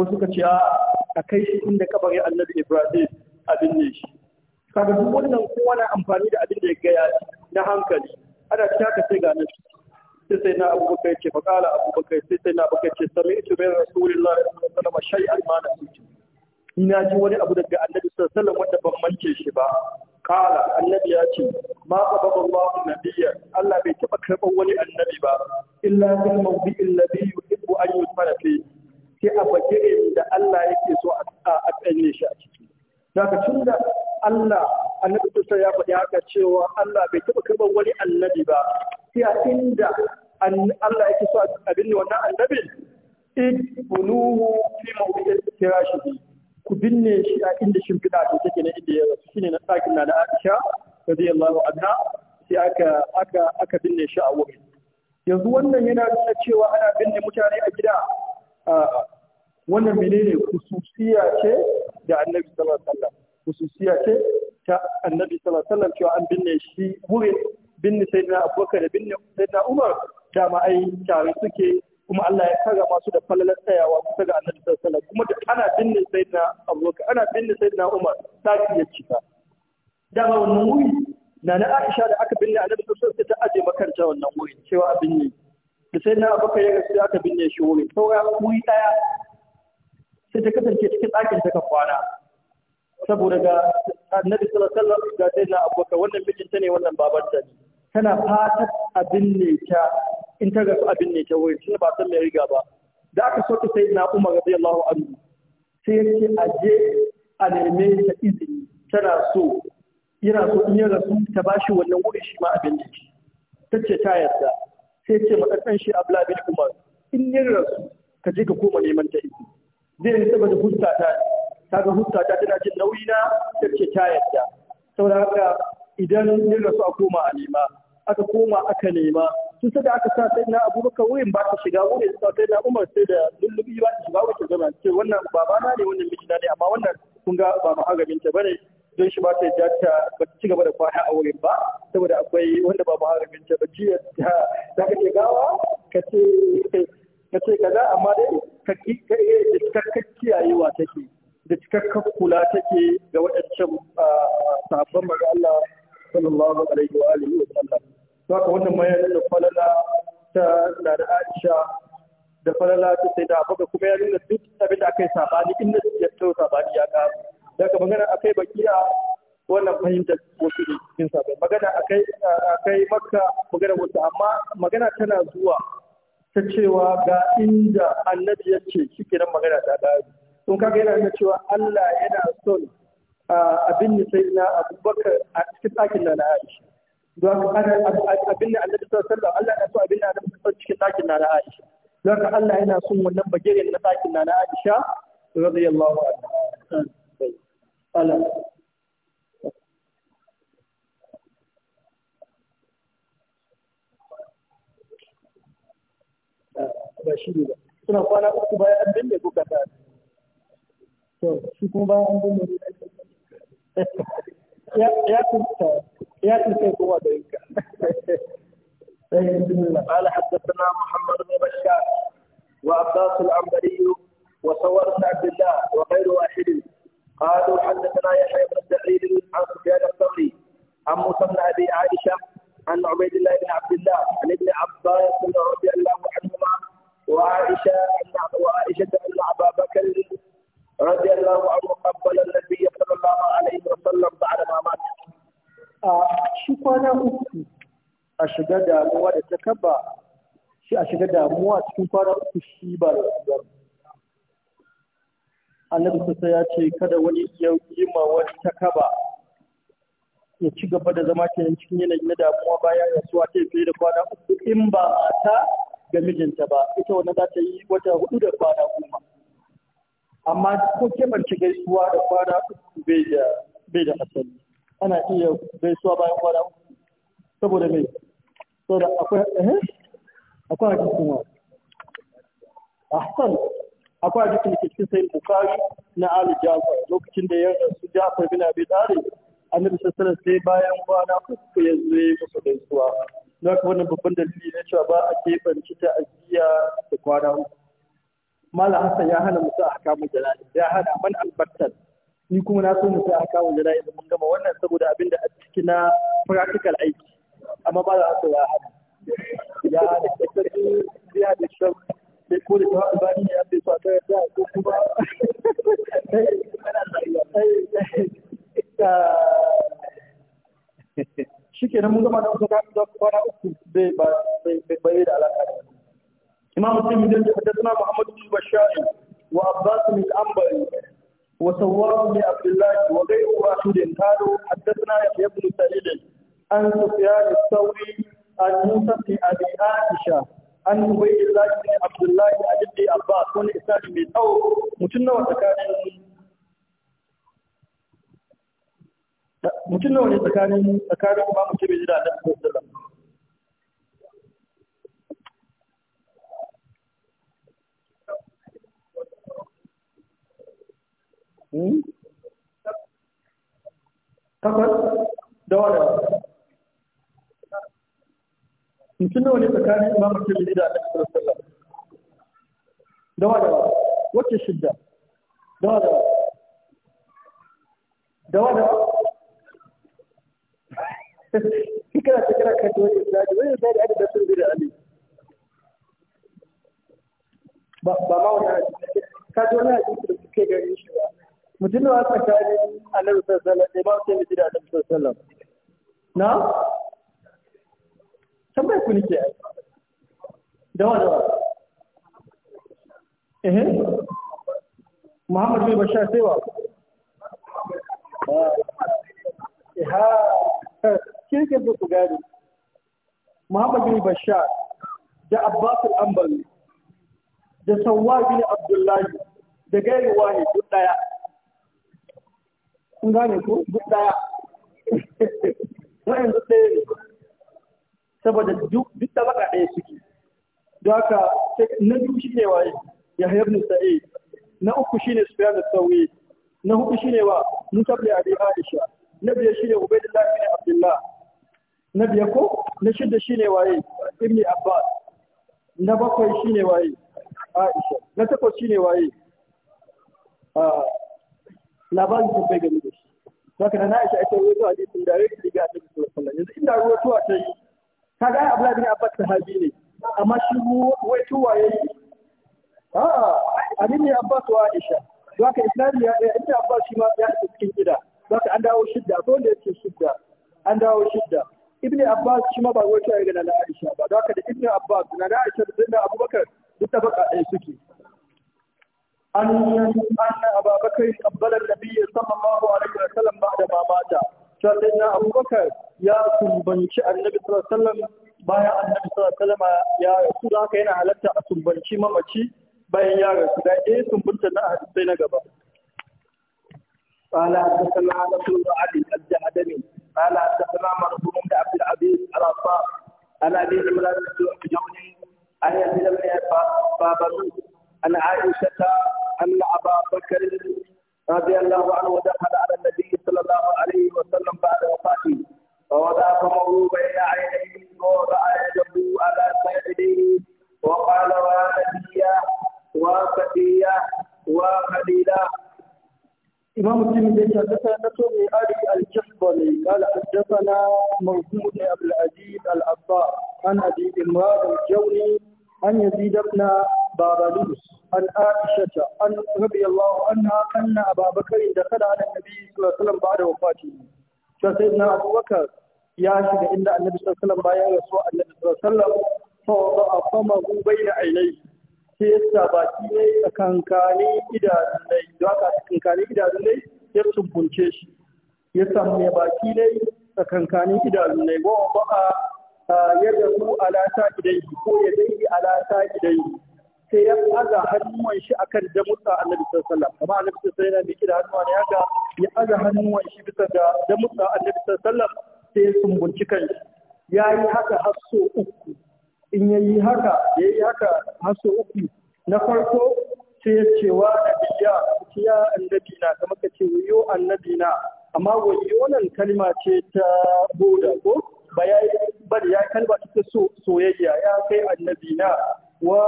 wasu suka ce a kai shi inda kabarin annabi ibrahim abin ne shi kaga duk wannan kowa na amfani da abin da ya gaya na hankali ana ka sai ga nan sai sai na abubakar ce fa kala abubakar sai sai na abubakar ce sami ita bayan rasulullahi sallallahu alaihi wasallam shay'an ma na ina ji wani abu daga annabi sallallahu alaihi wasallam wanda ban mance shi ba kala annabi ya ce ma qababa Allahu nabiyya Allah bai taba karban wani annabi ba illa bil mawdi'i alladhi yuhibbu an yusfara fi sai a bakire da Allah yake so a tsanne shi a daga tun da Allah annabi Musa ya faɗi haka cewa Allah bai taɓa karɓar wani annabi ba sai a inda Allah yake so a binne wannan annabin idbunuhu fi mawdi'il firashihi ku binne shi a inda shimfiɗa ta take na inda ya rasu shine na ɗakin na da Aisha radiyallahu anha sai aka aka aka binne shi a wurin yanzu wannan yana nuna cewa ana binne mutane a gida wannan menene kususiya ce da annabi sallallahu alaihi wasallam kususiya ce ta annabi sallallahu alaihi wasallam cewa an binne shi wurin binne sayyidina abubakar da binne sayyidina umar ma ai tare suke kuma Allah ya karrama masu da falalar tsayawa kusa ga annabi sallallahu alaihi wasallam kuma da ana binne sayyidina abubakar ana binne sayyidina umar saki ya cika dama wannan wuri na na Aisha da aka binne annabi sallallahu alaihi wasallam ta aje makarta wannan wuri cewa a binne da sayyidina abubakar ya rasu aka binne shi wuri saura wuri daya sai ta kasance cikin ɗakin ta kwana saboda ga annabi sallallahu alaihi wasallam ga sai na abubakar wannan mijinta ne wannan babanta ne tana fatan abin ne ta in ta rasu abin ne ta wurin tunda ba san mai riga ba da aka soke sai na umar radiyallahu anhu sai yake aje a neme ta izini tana so yana so in ya rasu ta bashi wannan wurin shi ma abin ne ta ce ta yarda sai ce matsatsan shi abla bin umar in ya rasu ka je ka koma neman ta izini zai yi saboda huskata kaga huskata tana jin nauyi na ce ta yadda saboda haka idan ni rasu a koma a nema aka koma aka nema sun sada aka sa sai na abubakar wurin ba ta shiga wurin sa sai na umar sai da lullubi ba ta shiga wurin zama ce wannan babana ne wannan mijina ne amma wannan kun ga ba hagamin ta bane don shi ba ta yadda ta ba ta ci gaba da kwana a wurin ba saboda akwai wanda ba hagamin ta ba jiya ta ta kace gawa ka ce ka ce kaza amma dai ka eh, da cikakkar kiyayewa take da cikakkar kula take ga waɗancan ah, sabon maga Allah sallallahu alaihi wa alihi wa sallam to haka wannan ma da falala ta da Aisha da falala ta sai da baka kuma ya nuna duk abin da akai sabani in da ya tsawo sabani ya ka daga magana akai bakiya wannan fahimtar wasu ne cikin sabon magana akai akai makka magana wasu amma magana tana zuwa ta cewa ga inda annabi ya ce shi magana ta ɗari sun kaga yana nuna cewa Allah yana son abin da sai na abubakar a cikin ɗakin na na Aisha don abin da annabi sallallahu alaihi Allah yana son abin da annabi sallallahu cikin ɗakin na na Aisha don ka Allah yana son wannan bagaren na ɗakin na na Aisha radiyallahu anha Allah ba shi ne ba suna kwana uku bayan an danne ko kasa to shi kuma bayan an danne ya ya kunta ya kunta kowa da yanka قال حدثنا محمد بن بشار وعباس العنبري وصور بن عبد الله وغير واحد قالوا حدثنا يحيى بن سعيد عن سفيان الثوري عن موسى بن ابي عائشه عن عبيد الله بن عبد الله عن ابن عباس رضي الله عنهما وعائشة وعائشة أن أبا بكر رضي الله عنه قبل النبي صلى الله عليه وسلم بعد ما مات shi kwana uku a shiga damuwa da shi a shiga damuwa cikin kwana uku shi ba da ba annabi sassa ya ce kada wani ya yi ma wani takaba. ya ci gaba da zama kenan cikin yanayi na damuwa bayan rasuwa ta fiye da kwana uku in ba mata ga mijinta ba ita wannan za ta yi wata hudu da kwana goma amma ko keɓance gaisuwa da kwana uku bai da asali ana iya gaisuwa bayan kwana uku saboda mai saboda akwai eh akwai hadisin wa ahsan akwai hadisin da ke cikin sayin bukari na ali jafar lokacin da ya rasu jafar bin abi talib annabi sallallahu sai bayan kwana uku ya zo ya musu gaisuwa don haka wannan babban dalili na cewa ba a keɓance ta'aziyya da kwana uku malam hassan ya hana musu a kamun jana'iza ya hana man albattal ni kuma na so musu a kamun jana'iza mun gama wannan saboda abin da a ciki na practical aiki amma ba za ya hana ya hana kasashe ya da shan sai ko da shawar bani ya fi a ko kuma shi kenan mun gama da wasu kafin da na uku bai bai da alaƙa da imam muslim bin hadathana muhammad bin bashari wa abbas bin ambari wa sawwar bin abdullah wa ghayru wahid qalu hadathana yahya ibn sa'id an sufyan al-thawri an musa bin abi aisha an ubaydillah bin abdullah bin abi abbas wani isnad mai tsawo mutun nawa tsakanin mutum nawa ne tsakanin tsakanin ba mutum bai jira da sallam takwas da wada mutum nawa ne tsakanin ba mutum bai jira da sallam da wada wacce shidda da wada da wada shi kana ta kana kan wani islami wani da ada da sun bi ali ba ma wani hadisi ka ji wani hadisi da suke gani shi ba mutum da wasu tsakanin annabi sallallahu alaihi wasallam da imam taimaki da annabi sallallahu na tambayar ku nike dawa dawa ehe muhammad bin bashar sai wa ha kirkin da su gado muhammad bin bashar da abbas al-ambali da sawwa bin abdullahi da gairi wani duk ɗaya. kun gane ko duk ɗaya? wa'in duk ɗaya ne saboda duk tabaka ɗaya suke don haka na biyu shi ne wa ya hayar sa'id na uku shi ne sufiyar da sauyi na hudu shi ne wa musabli abi aisha na biyar shi ne ubaidullahi bin abdullah na biya ko na shida ne waye ibni abbas na bakwai shi ne waye aisha na takwas shi ne waye ah, labarin sun bai gani da shi saka na aisha ita ruwa hadisin da rai daga annabi sallallahu alaihi wasallam yanzu inda ruwa tuwa ta yi kaga abdullahi bin abbas sahabi ne amma shi ruwa tuwa yayi a'a ah, abin ne abbas wa aisha don haka islami ya ɗaya inda abbas shi ma ya cikin gida don haka an dawo shidda akwai wanda yake shidda an dawo shidda ibn abbas shi ma ba wato ya ga na aisha ba don haka da ibn abbas na na aisha da sayyidina abubakar duk da baka ɗaya suke an yi an abubakar qabbalar nabiyyi sallallahu alaihi wa sallam ba da mamata na abubakar ya sumbanci annabi sallallahu alaihi wa sallam bayan annabi sallallahu alaihi wa sallam ya rasu da haka yana halatta a sumbanci mamaci bayan ya rasu da ya sumbanta na hadisai na gaba قال حدثنا رسول الله عن الجهدمي قال حدثنا مرحوم بن عبد العزيز الانصار انا ابي عمران بن جوني عن يزيد بن بابلوس عن عائشه ان ابا بكر رضي الله عنه رضي الله عنها أن أبا بكر دخل على da صلى الله عليه وسلم بعد وفاته فسيدنا أبو بكر إن النبي صلى الله عليه وسلم النبي صلى الله عليه وسلم فوضع فمه بين عينيه sai ya sa baki ne tsakankanin idanun dai da aka tsakankanin idanun dai ya tumbunce shi ya samu ya baki ne tsakankanin idanun dai wa ba a ah, da alata idai ko ya dai alata sai ya aza hannuwan shi akan damutsa annabi sallallahu alaihi wasallam kuma annabi sallallahu alaihi wasallam yana da hannuwa ne haka ya aza hannuwan shi bisa ga damutsa annabi sallallahu alaihi wasallam sai ya sumbunci kanshi yayi haka har so uku in yayi haka yayi haka har so uku na farko sai ya ce wa nabiya ya annabi na kuma ka ce yo annabi na amma wayo nan kalma ce ta boda ko ba ya bari ya kalma ta so soyayya ya kai annabi na wa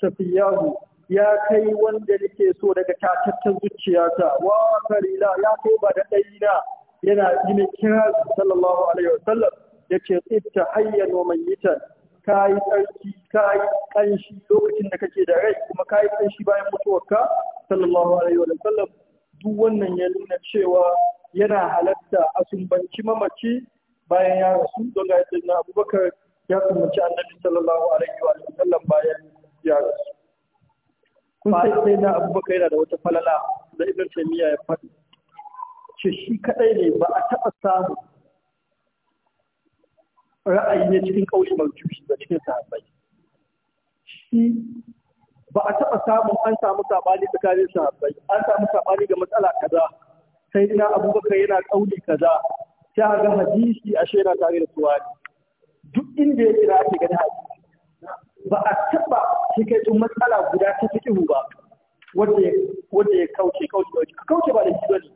tafiyahu ya kai wanda nake so daga tatattar zuciyata wa karila ya kai ba da ɗayina yana yi mai kira sallallahu alaihi wasallam ya ce tsibta hayyan wa mayitan ka yi tsarki ka yi ƙanshi lokacin da kake da rai kuma ka yi ƙanshi bayan mutuwarka sallallahu alaihi wasallam duk wannan ya nuna cewa yana halatta a sumbanci mamaci bayan ya rasu don ga yadda abubakar ya kumaci annabi sallallahu alaihi wa sallam bayan ya rasu kun sai sai na abubakar yana da wata falala da ibn taymiya ya faɗi ce shi kadai ne ba a taɓa samu ra'ayi ne cikin kauli marjuhi da cikin sahabbai shi ba a taɓa samun an samu sabani tsakanin sahabbai an samu sabani ga matsala kaza sai na abubakar yana kauli kaza sai ga hadisi ashe yana tare da suwani duk inda ya kira ake gani hadisi ba a taba sai kai tun matsala guda ta fi ihu ba wanda ya kauce kauce kauce kauce ba da shi bane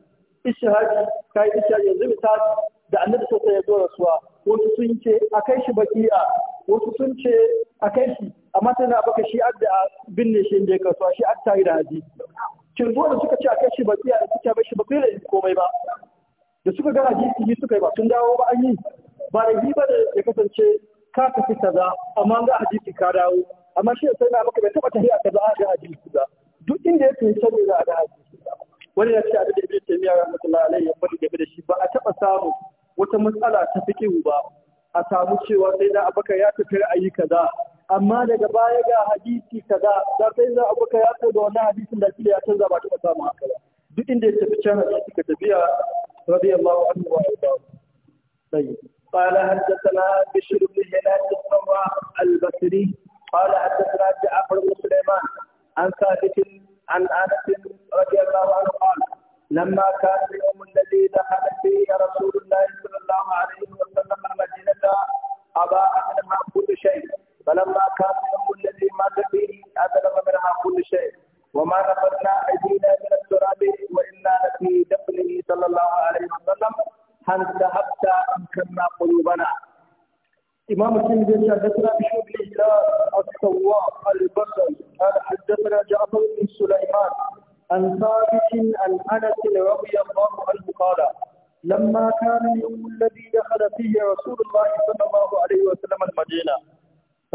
ishihadi kai ishihadi yanzu misali da annabi sai ya zo rasuwa wasu sun ce a kai shi baki'a wasu sun ce a kai shi amma tana baka shi adda binne shi inda ya kasuwa shi adda yi da hadisi kin zo da suka ce a kai shi baki'a da suka bai shi baki'a da komai ba da suka ga hadisi suka yi ba sun dawo ba an yi ba da ba da ya kasance ka tafi kaza amma ga hadisi ka dawo amma shi ya sanya maka bai taba tafiya kaza a ga hadisi ba duk inda ya fi sai za a ga hadisi ba wani ya ce abin da ibnu taymiya rahmatullahi lalai ya faɗi game da shi ba a taba samu wata matsala ta fiqh ba a samu cewa sai na abakar ya tafi ra'ayi kaza amma daga baya ga hadisi kaza Za sai na abaka ya tafi da wannan hadisin da ya canza ba taba samu haka ba duk inda ya tafi can hadisi ka tafiya radiyallahu anhu wa arda tayyib قال حدثنا بشر بن هلال الصواء البصري قال حدثنا جعفر بن سليمان عن ثابت عن انس رضي الله عنه قال لما كان اليوم الذي دخل فيه رسول الله صلى الله عليه وسلم المدينه اباء منها كل شيء فلما كان اليوم الذي مات فيه ادرك منها كل شيء وما نفرنا ايدينا من التراب وانا لفي دخله صلى الله عليه وسلم hanta hafta in kanna kuri bana imam sun bin ya da tura bi shubi ila asawa al-basr al haddathana ja'far bin sulaiman an thabit an anas radiya Allahu anhu qala lamma kana yawm alladhi dakhala fihi rasulullah sallallahu alayhi wa sallam al-madina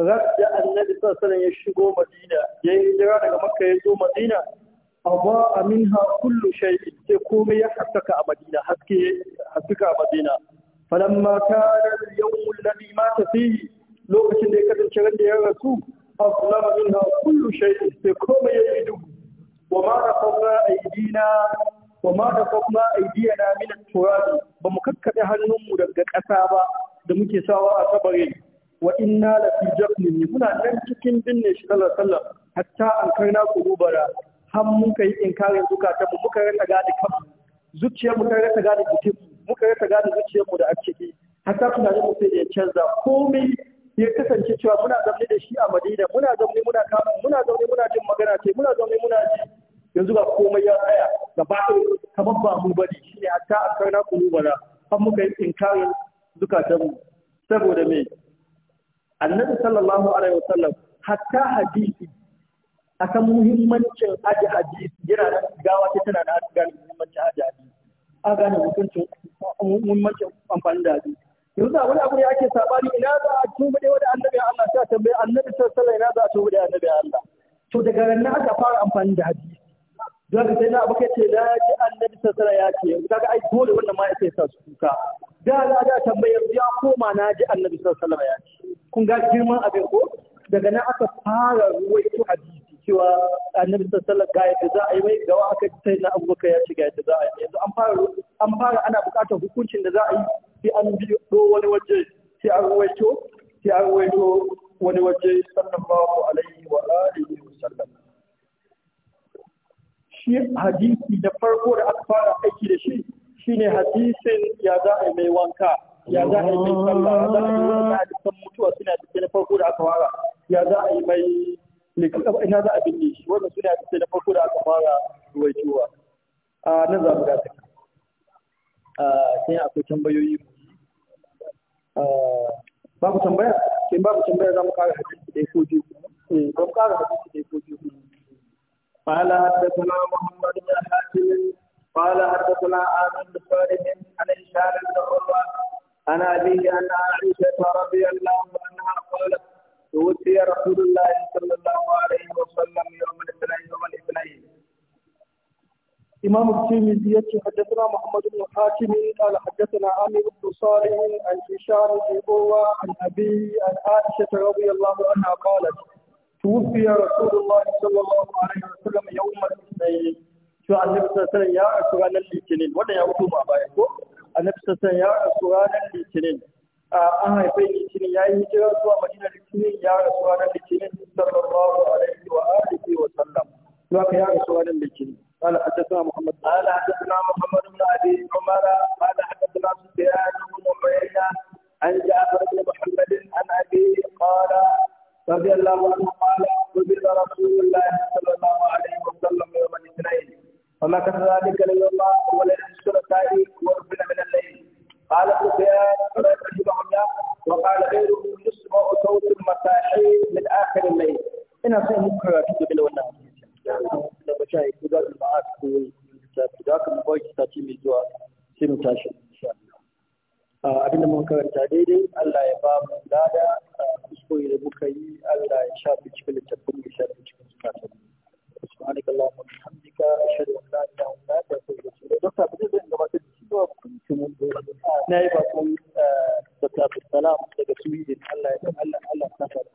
rajja an nabiy sallallahu alayhi wa sallam yashgo madina yayin jira daga makka yazo madina abuwa amin ha kullu shai ke ya haskaka a madina haske haskaka a madina falon ma ta da yau mulladi lokacin da ya kasance ranar yan rasu abuwa amin ha kullu shai ke ya yi duk wa ma da kwamma a yi dina da kwamma a yi diya na minan turadi ba mu kakkaɗe hannunmu daga ƙasa ba da muke sawa a tabare wa inna lafi jafni muna nan cikin binne shi sallar sallar hatta an karna kuma bara har muka yi inkarin zukatanmu muka rasa gane kanmu zuciyarmu ta rasa gane jikinmu muka rasa gane mu da a ciki hatta tunanin mu sai ya canza komai ya kasance cewa muna zaune da shi a Madina muna zaune muna kama muna zaune muna jin magana ce muna zaune muna ji yanzu ba komai ya tsaya gaba ɗaya kamar ba mu bane shine hatta a karna kulubala har muka yi inkarin zukatanmu saboda me annabi sallallahu alaihi wasallam hatta hadisi a san muhimmancin aji hadisi yana da gawa ta tana da aka gane muhimmancin aji hadisi aka gane mutuncin muhimmancin amfani da hadisi yanzu wani abu ne ake sabani ina za a tubuɗe wa da annabi Allah sai a tambaye annabi sallallahu ina za a tubuɗe annabi Allah to daga nan aka fara amfani da hadisi don ka sai na abu kai ce na ji annabi sallallahu ya ce yanzu kaga ai dole wannan ma ya sai sa su kuka da za a tambaye ya koma na ji annabi sallallahu ya ce kun ga girman abin ko daga nan aka fara ruwaito hadisi cewa annabi sallallahu ga yadda za a yi mai gawa aka sai na abubakar ya ce ga yadda za a yi yanzu an fara an fara ana buƙatar hukuncin da za a yi sai an biyo wani waje sai an ruwaito sai an ruwaito wani waje sallallahu alaihi wa alihi wa sallam shi hadisi da farko da aka fara aiki da shi shine hadisin ya za a yi mai wanka ya za a yi mai sallah ya za a yi mai hadisan mutuwa suna cikin farko da aka fara ya za a yi mai ne kuma kaba ina za a binne shi wannan suna da na farko da aka fara ruwaitowa a nan za mu ga ta sai akwai tambayoyi ba ku tambaya sai ku tambaya za mu kara hadisi da ko biyu ne eh, ba mu kara hadisi da ko biyu قال حدثنا محمد بن حاتم قال حدثنا آمن بن عن هشام بن عروة عن أبيه أن عائشة رضي الله عنها قالت توفي رسول الله صلى الله عليه وسلم يوم الاثنين يوم الاثنين إمام الترمذي حدثنا محمد بن حاتم قال حدثنا عامر بن صالح عن هشام بن قوة عن أبي عن عائشة رضي الله عنها قالت توفي رسول الله صلى الله عليه وسلم يوم الاثنين شو النبي صلى الله عليه وسلم يا رسول الله الاثنين ولا يوم ما بايكو النبي صلى الله عليه وسلم يا رسول الله الاثنين an haife litinin ya yi hijira zuwa madina litinin ya rasu nan litinin sallallahu alaihi wa alihi wa sallam zuwa ka ya rasu nan litinin قال حدثنا محمد قال حدثنا محمد بن ابي عمر قال حدثنا سفيان بن عيينه عن جعفر بن محمد عن ابي قال رضي الله عنه قال قبل رسول الله صلى الله عليه وسلم يوم الاثنين وما كان ذلك لله na وربنا من الليل قال ابن زياد رحمه الله وقال غيره يسمع صوت المساحي من اخر الليل. انا فين مكر كتب لو انها لما جاء يقول لك معاك تقول ذاك البويك تاتي من جوا سيرو تاشي ان شاء الله. ابن مكر تعديلي الله يباب لادا آه، اسكوي لبكي الله يشاف يشكل التقويم يشاف يشكل التقويم. سبحانك اللهم وبحمدك اشهد ان لا اله الا انت اشهد ان لا اله الا انت. دكتور بالنسبه na yi bakon eh, da tafi salam daga sweden allah ya allah allah ta faru